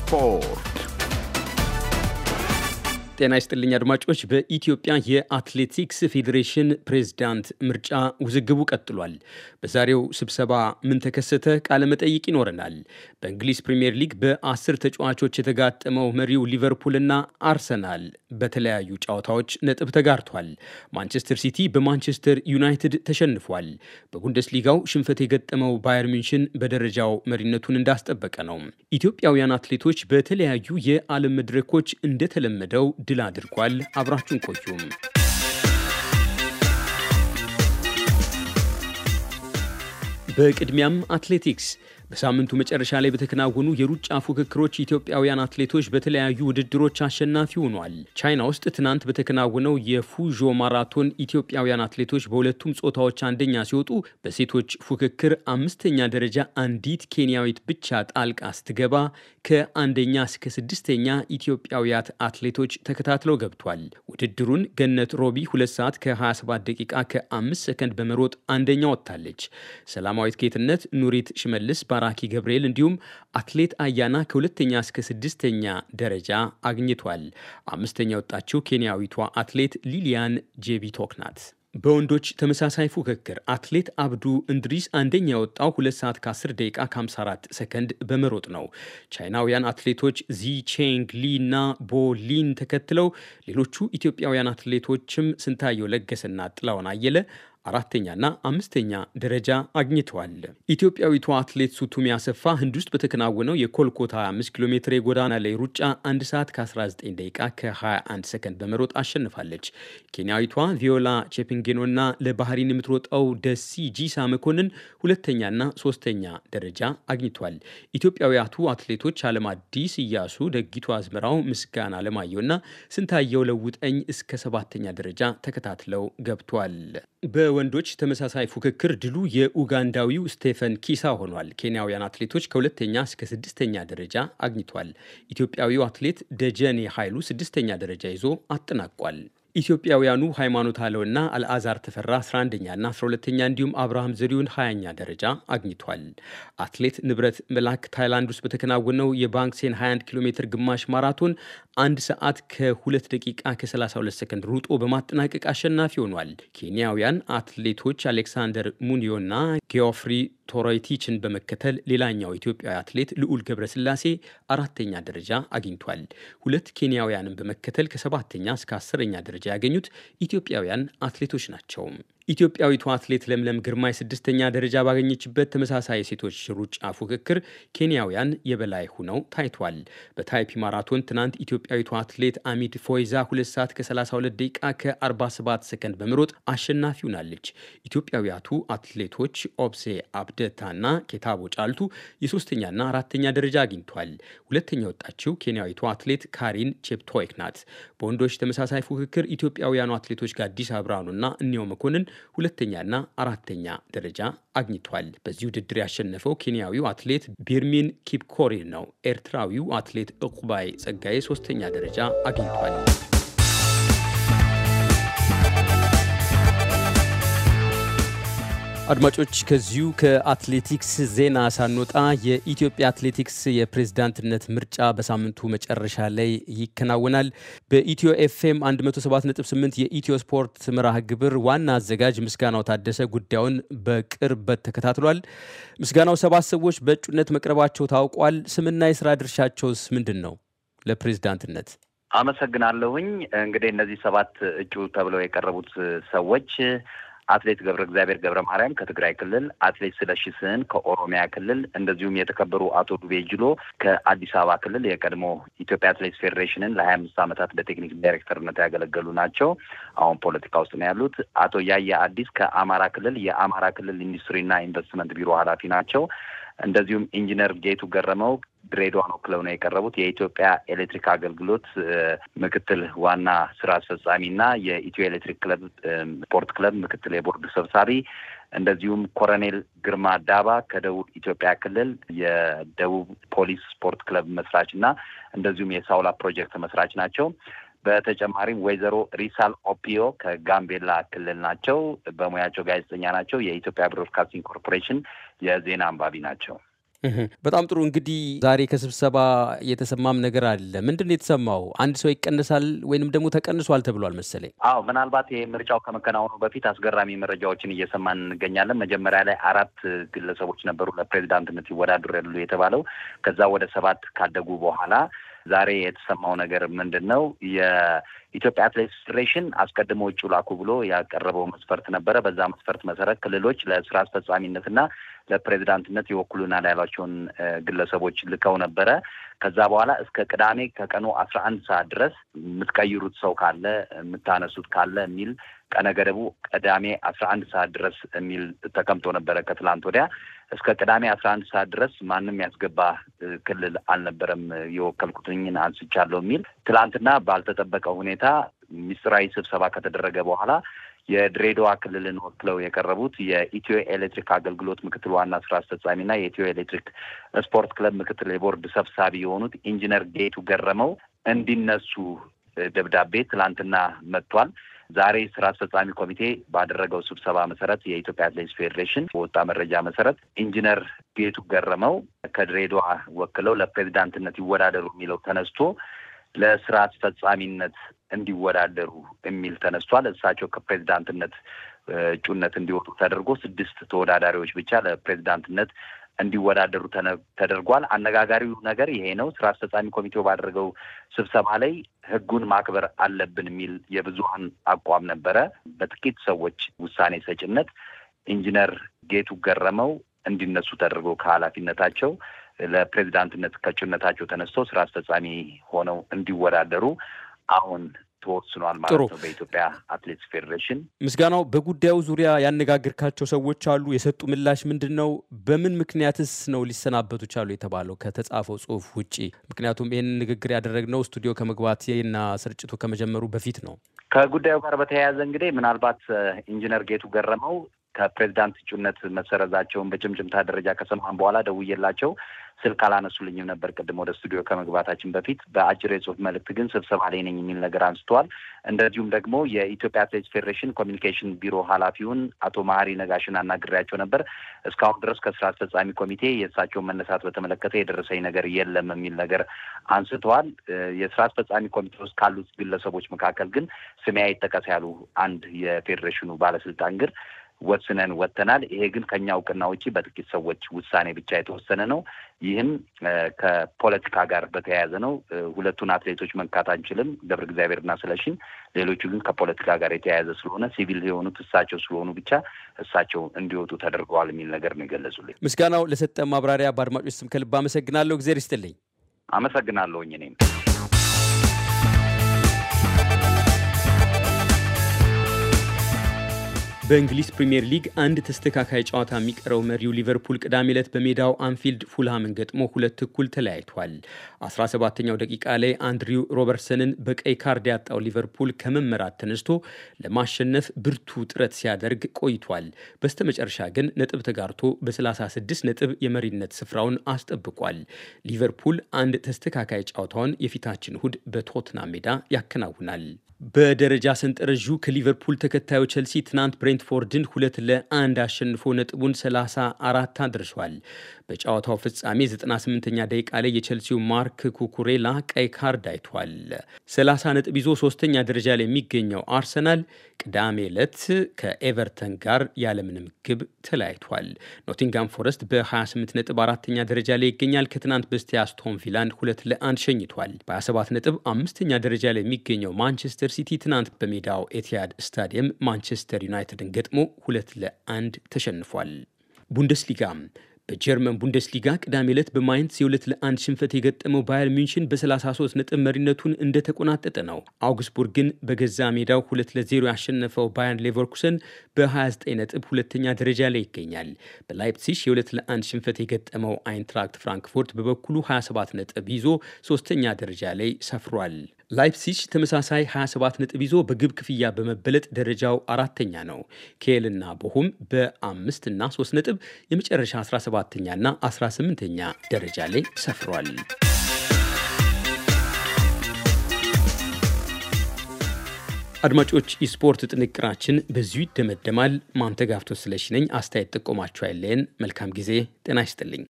spor. ጤና ይስጥልኝ አድማጮች። በኢትዮጵያ የአትሌቲክስ ፌዴሬሽን ፕሬዝዳንት ምርጫ ውዝግቡ ቀጥሏል። በዛሬው ስብሰባ ምን ተከሰተ? ቃለ መጠይቅ ይኖረናል። በእንግሊዝ ፕሪምየር ሊግ በአስር ተጫዋቾች የተጋጠመው መሪው ሊቨርፑልና አርሰናል በተለያዩ ጨዋታዎች ነጥብ ተጋርቷል። ማንቸስተር ሲቲ በማንቸስተር ዩናይትድ ተሸንፏል። በቡንደስሊጋው ሽንፈት የገጠመው ባየር ሚንሽን በደረጃው መሪነቱን እንዳስጠበቀ ነው። ኢትዮጵያውያን አትሌቶች በተለያዩ የዓለም መድረኮች እንደተለመደው ድል አድርጓል። አብራችሁን ቆዩም። በቅድሚያም አትሌቲክስ በሳምንቱ መጨረሻ ላይ በተከናወኑ የሩጫ ፉክክሮች ኢትዮጵያውያን አትሌቶች በተለያዩ ውድድሮች አሸናፊ ሆኗል። ቻይና ውስጥ ትናንት በተከናወነው የፉዦ ማራቶን ኢትዮጵያውያን አትሌቶች በሁለቱም ጾታዎች አንደኛ ሲወጡ፣ በሴቶች ፉክክር አምስተኛ ደረጃ አንዲት ኬንያዊት ብቻ ጣልቃ ስትገባ ከአንደኛ እስከ ስድስተኛ ኢትዮጵያውያት አትሌቶች ተከታትለው ገብቷል። ውድድሩን ገነት ሮቢ 2 ሰዓት ከ27 ደቂቃ ከ5 ሰከንድ በመሮጥ አንደኛ ወጥታለች። ሰላማዊት ጌትነት፣ ኑሪት ሽመልስ ባራኪ ገብርኤል እንዲሁም አትሌት አያና ከሁለተኛ እስከ ስድስተኛ ደረጃ አግኝቷል። አምስተኛ የወጣችው ኬንያዊቷ አትሌት ሊሊያን ጄቢቶክ ናት። በወንዶች ተመሳሳይ ፉክክር አትሌት አብዱ እንድሪስ አንደኛ የወጣው 2 ሰዓት ከ10 ደቂቃ ከ54 ሰከንድ በመሮጥ ነው። ቻይናውያን አትሌቶች ቼንግ ሊ እና ቦሊን ተከትለው ሌሎቹ ኢትዮጵያውያን አትሌቶችም ስንታየው ለገሰና ጥላውን አየለ አራተኛና አምስተኛ ደረጃ አግኝተዋል። ኢትዮጵያዊቷ አትሌት ሱቱም አሰፋ ህንድ ውስጥ በተከናወነው የኮልኮታ 25 ኪሎ ሜትር የጎዳና ላይ ሩጫ 1 ሰዓት ከ19 ደቂቃ ከ21 ሰከንድ በመሮጥ አሸንፋለች። ኬንያዊቷ ቪዮላ ቼፕንጌኖና ለባህሪን የምትሮጠው ደሲ ጂሳ መኮንን ሁለተኛና ሶስተኛ ደረጃ አግኝቷል። ኢትዮጵያውያቱ አትሌቶች አዲስ እያሱ፣ ደጊቱ አዝመራው፣ ምስጋና አለማየሁና ስንታየው ለውጠኝ እስከ ሰባተኛ ደረጃ ተከታትለው ገብቷል። በወንዶች ተመሳሳይ ፉክክር ድሉ የኡጋንዳዊው ስቴፈን ኪሳ ሆኗል። ኬንያውያን አትሌቶች ከሁለተኛ እስከ ስድስተኛ ደረጃ አግኝቷል። ኢትዮጵያዊው አትሌት ደጀኔ ኃይሉ ስድስተኛ ደረጃ ይዞ አጠናቋል። ኢትዮጵያውያኑ ሃይማኖት አለውና አልአዛር ተፈራ 11ኛና 12ኛ እንዲሁም አብርሃም ዘሪሁን 20ኛ ደረጃ አግኝቷል። አትሌት ንብረት መላክ ታይላንድ ውስጥ በተከናወነው የባንክሴን 21 ኪሎ ሜትር ግማሽ ማራቶን አንድ ሰዓት ከ2 ደቂቃ ከ32 ሰከንድ ሩጦ በማጠናቀቅ አሸናፊ ሆኗል። ኬንያውያን አትሌቶች አሌክሳንደር ሙኒዮና ጌኦፍሪ ቶሮይቲችን በመከተል ሌላኛው ኢትዮጵያዊ አትሌት ልዑል ገብረስላሴ አራተኛ ደረጃ አግኝቷል። ሁለት ኬንያውያንን በመከተል ከሰባተኛ እስከ አስረኛ ደረጃ ያገኙት ኢትዮጵያውያን አትሌቶች ናቸው። ኢትዮጵያዊቱ አትሌት ለምለም ግርማ የስድስተኛ ደረጃ ባገኘችበት ተመሳሳይ የሴቶች ሩጫ ፉክክር ኬንያውያን የበላይ ሁነው ታይቷል። በታይፒ ማራቶን ትናንት ኢትዮጵያዊቱ አትሌት አሚድ ፎይዛ 2 ሰዓት ከ32 ደቂቃ ከ47 ሰከንድ በመሮጥ አሸናፊ ሆናለች። ኢትዮጵያውያቱ አትሌቶች ኦብሴ አብደታና ኬታቦ ጫልቱ የሶስተኛና አራተኛ ደረጃ አግኝቷል። ሁለተኛ የወጣችው ኬንያዊቱ አትሌት ካሪን ቼፕቶይክ ናት። በወንዶች ተመሳሳይ ፉክክር ኢትዮጵያውያኑ አትሌቶች ጋዲስ አብርሃኑና እኒያው መኮንን ሁለተኛና አራተኛ ደረጃ አግኝቷል። በዚህ ውድድር ያሸነፈው ኬንያዊው አትሌት ቢርሚን ኪፕኮሪን ነው። ኤርትራዊው አትሌት እቁባይ ጸጋዬ ሶስተኛ ደረጃ አግኝቷል። አድማጮች ከዚሁ ከአትሌቲክስ ዜና ሳንወጣ የኢትዮጵያ አትሌቲክስ የፕሬዝዳንትነት ምርጫ በሳምንቱ መጨረሻ ላይ ይከናወናል። በኢትዮ ኤፍኤም 178 የኢትዮ ስፖርት መርሃ ግብር ዋና አዘጋጅ ምስጋናው ታደሰ ጉዳዩን በቅርበት ተከታትሏል። ምስጋናው ሰባት ሰዎች በእጩነት መቅረባቸው ታውቋል። ስምና የስራ ድርሻቸውስ ምንድን ነው? ለፕሬዝዳንትነት አመሰግናለሁኝ። እንግዲህ እነዚህ ሰባት እጩ ተብለው የቀረቡት ሰዎች አትሌት ገብረ እግዚአብሔር ገብረ ማርያም ከትግራይ ክልል፣ አትሌት ስለሺ ስህን ከኦሮሚያ ክልል እንደዚሁም የተከበሩ አቶ ዱቤ ጅሎ ከአዲስ አበባ ክልል የቀድሞ ኢትዮጵያ አትሌት ፌዴሬሽንን ለሀያ አምስት ዓመታት በቴክኒክ ዳይሬክተርነት ያገለገሉ ናቸው። አሁን ፖለቲካ ውስጥ ነው ያሉት። አቶ ያየ አዲስ ከአማራ ክልል የአማራ ክልል ኢንዱስትሪና ኢንቨስትመንት ቢሮ ኃላፊ ናቸው። እንደዚሁም ኢንጂነር ጌቱ ገረመው ድሬዳዋ ነው ክለው ነው የቀረቡት። የኢትዮጵያ ኤሌክትሪክ አገልግሎት ምክትል ዋና ስራ አስፈጻሚና የኢትዮ ኤሌክትሪክ ክለብ ስፖርት ክለብ ምክትል የቦርድ ሰብሳቢ እንደዚሁም ኮረኔል ግርማ ዳባ ከደቡብ ኢትዮጵያ ክልል የደቡብ ፖሊስ ስፖርት ክለብ መስራች እና እንደዚሁም የሳውላ ፕሮጀክት መስራች ናቸው። በተጨማሪም ወይዘሮ ሪሳል ኦፒዮ ከጋምቤላ ክልል ናቸው። በሙያቸው ጋዜጠኛ ናቸው። የኢትዮጵያ ብሮድካስቲንግ ኮርፖሬሽን የዜና አንባቢ ናቸው። በጣም ጥሩ እንግዲህ ዛሬ ከስብሰባ የተሰማም ነገር አለ። ምንድን ነው የተሰማው? አንድ ሰው ይቀንሳል ወይንም ደግሞ ተቀንሷል ተብሏል መሰለኝ። አዎ ምናልባት ይህ ምርጫው ከመከናወኑ በፊት አስገራሚ መረጃዎችን እየሰማን እንገኛለን። መጀመሪያ ላይ አራት ግለሰቦች ነበሩ ለፕሬዚዳንትነት ይወዳደሩ ያሉ የተባለው ከዛ ወደ ሰባት ካደጉ በኋላ ዛሬ የተሰማው ነገር ምንድን ነው? ኢትዮጵያ አትሌቲክስ ፌዴሬሽን አስቀድሞ እጩ ላኩ ብሎ ያቀረበው መስፈርት ነበረ። በዛ መስፈርት መሰረት ክልሎች ለስራ አስፈጻሚነትና ለፕሬዚዳንትነት ይወክሉናል ያሏቸውን ግለሰቦች ልከው ነበረ። ከዛ በኋላ እስከ ቅዳሜ ከቀኑ አስራ አንድ ሰዓት ድረስ የምትቀይሩት ሰው ካለ የምታነሱት ካለ የሚል ቀነ ገደቡ ቅዳሜ አስራ አንድ ሰዓት ድረስ የሚል ተቀምጦ ነበረ። ከትላንት ወዲያ እስከ ቅዳሜ አስራ አንድ ሰዓት ድረስ ማንም ያስገባ ክልል አልነበረም። የወከልኩትኝን አንስቻለሁ የሚል ትላንትና ባልተጠበቀ ሁኔታ ሁኔታ ሚስጥራዊ ስብሰባ ከተደረገ በኋላ የድሬዳዋ ክልልን ወክለው የቀረቡት የኢትዮ ኤሌክትሪክ አገልግሎት ምክትል ዋና ስራ አስፈጻሚና የኢትዮ ኤሌክትሪክ ስፖርት ክለብ ምክትል የቦርድ ሰብሳቢ የሆኑት ኢንጂነር ጌቱ ገረመው እንዲነሱ ደብዳቤ ትላንትና መጥቷል። ዛሬ ስራ አስፈጻሚ ኮሚቴ ባደረገው ስብሰባ መሰረት የኢትዮጵያ አትሌቲክስ ፌዴሬሽን በወጣ መረጃ መሰረት ኢንጂነር ጌቱ ገረመው ከድሬዳዋ ወክለው ለፕሬዚዳንትነት ይወዳደሩ የሚለው ተነስቶ ለስራ አስፈጻሚነት እንዲወዳደሩ የሚል ተነስቷል። እሳቸው ከፕሬዚዳንትነት እጩነት እንዲወጡ ተደርጎ ስድስት ተወዳዳሪዎች ብቻ ለፕሬዚዳንትነት እንዲወዳደሩ ተደርጓል። አነጋጋሪው ነገር ይሄ ነው። ስራ አስፈጻሚ ኮሚቴው ባደረገው ስብሰባ ላይ ህጉን ማክበር አለብን የሚል የብዙሀን አቋም ነበረ። በጥቂት ሰዎች ውሳኔ ሰጭነት ኢንጂነር ጌቱ ገረመው እንዲነሱ ተደርገው ከኃላፊነታቸው ለፕሬዚዳንትነት ከእጩነታቸው ተነስቶ ስራ አስፈጻሚ ሆነው እንዲወዳደሩ አሁን ተወስኗል ማለት ነው። በኢትዮጵያ አትሌቲክስ ፌዴሬሽን ምስጋናው፣ በጉዳዩ ዙሪያ ያነጋግርካቸው ሰዎች አሉ? የሰጡ ምላሽ ምንድን ነው? በምን ምክንያትስ ነው ሊሰናበቱ ቻሉ የተባለው ከተጻፈው ጽሁፍ ውጪ? ምክንያቱም ይህን ንግግር ያደረግነው ስቱዲዮ እና ስርጭቱ ከመጀመሩ በፊት ነው። ከጉዳዩ ጋር በተያያዘ እንግዲህ ምናልባት ኢንጂነር ጌቱ ገረመው ከፕሬዚዳንት እጩነት መሰረዛቸውን በጭምጭምታ ደረጃ ከሰማን በኋላ ደውዬላቸው ስልክ አላነሱልኝም ነበር ቅድም ወደ ስቱዲዮ ከመግባታችን በፊት። በአጭር የጽሁፍ መልእክት ግን ስብሰባ ላይ ነኝ የሚል ነገር አንስተዋል። እንደዚሁም ደግሞ የኢትዮጵያ አትሌቲክስ ፌዴሬሽን ኮሚኒኬሽን ቢሮ ኃላፊውን አቶ መሀሪ ነጋሽን አናግሬያቸው ነበር። እስካሁን ድረስ ከስራ አስፈጻሚ ኮሚቴ የእሳቸውን መነሳት በተመለከተ የደረሰኝ ነገር የለም የሚል ነገር አንስተዋል። የስራ አስፈጻሚ ኮሚቴ ውስጥ ካሉት ግለሰቦች መካከል ግን ስሜ አይጠቀስ ያሉ አንድ የፌዴሬሽኑ ባለስልጣን ግን ወስነን ወጥተናል። ይሄ ግን ከኛ እውቅና ውጪ በጥቂት ሰዎች ውሳኔ ብቻ የተወሰነ ነው። ይህም ከፖለቲካ ጋር በተያያዘ ነው። ሁለቱን አትሌቶች መንካት አንችልም፣ ገብረ እግዚአብሔርና ስለሽን። ሌሎቹ ግን ከፖለቲካ ጋር የተያያዘ ስለሆነ ሲቪል የሆኑት እሳቸው ስለሆኑ ብቻ እሳቸው እንዲወጡ ተደርገዋል የሚል ነገር ነው የገለጹልኝ። ምስጋናው ለሰጠ ማብራሪያ በአድማጮች ስም ከልብ አመሰግናለሁ። እግዜር ይስጥልኝ። አመሰግናለሁኝ እኔም በእንግሊዝ ፕሪምየር ሊግ አንድ ተስተካካይ ጨዋታ የሚቀረው መሪው ሊቨርፑል ቅዳሜ ዕለት በሜዳው አንፊልድ ፉልሃምን ገጥሞ ሁለት እኩል ተለያይቷል። 17ኛው ደቂቃ ላይ አንድሪው ሮበርትሰንን በቀይ ካርድ ያጣው ሊቨርፑል ከመመራት ተነስቶ ለማሸነፍ ብርቱ ጥረት ሲያደርግ ቆይቷል። በስተመጨረሻ ግን ነጥብ ተጋርቶ በ36 ነጥብ የመሪነት ስፍራውን አስጠብቋል። ሊቨርፑል አንድ ተስተካካይ ጨዋታውን የፊታችን እሁድ በቶትናም ሜዳ ያከናውናል። በደረጃ ሰንጠረዡ ከሊቨርፑል ተከታዩ ቸልሲ ትናንት ብሬንትፎርድን ሁለት ለአንድ አሸንፎ ነጥቡን 34 አድርሷል። በጨዋታው ፍጻሜ 98ኛ ደቂቃ ላይ የቸልሲው ማርክ ኩኩሬላ ቀይ ካርድ አይቷል። 30 ነጥብ ይዞ ሶስተኛ ደረጃ ላይ የሚገኘው አርሰናል ቅዳሜ ዕለት ከኤቨርተን ጋር ያለምንም ግብ ተለያይቷል። ኖቲንጋም ፎረስት በ28 ነጥብ አራተኛ ደረጃ ላይ ይገኛል። ከትናንት በስቲያ አስቶን ቪላን ሁለት ለአንድ ሸኝቷል። በ27 ነጥብ አምስተኛ ደረጃ ላይ የሚገኘው ማንቸስተር ሲቲ ትናንት በሜዳው ኤቲያድ ስታዲየም ማንቸስተር ዩናይትድን ገጥሞ ሁለት ለአንድ ተሸንፏል። ቡንደስሊጋ በጀርመን ቡንደስሊጋ ቅዳሜ ዕለት በማይንስ የሁለት ለአንድ ሽንፈት የገጠመው ባየር ሚንሽን በ33 ነጥብ መሪነቱን እንደተቆናጠጠ ነው። አውግስቡርግን በገዛ ሜዳው ሁለት ለዜሮ ያሸነፈው ባየር ሌቨርኩሰን በ29 ነጥብ ሁለተኛ ደረጃ ላይ ይገኛል። በላይፕሲሽ የሁለት ለአንድ ሽንፈት የገጠመው አይንትራክት ፍራንክፎርት በበኩሉ 27 ነጥብ ይዞ ሶስተኛ ደረጃ ላይ ሰፍሯል። ላይፕሲጅ ተመሳሳይ 27 ነጥብ ይዞ በግብ ክፍያ በመበለጥ ደረጃው አራተኛ ነው። ኬልና ቦሁም በአምስት እና 3 ነጥብ የመጨረሻ 17ኛ እና 18ኛ ደረጃ ላይ ሰፍሯል። አድማጮች፣ የስፖርት ጥንቅራችን በዚሁ ይደመደማል። ማንተጋፍቶ ስለሽነኝ አስተያየት ጥቆማችሁ አይለየን። መልካም ጊዜ። ጤና ይስጥልኝ።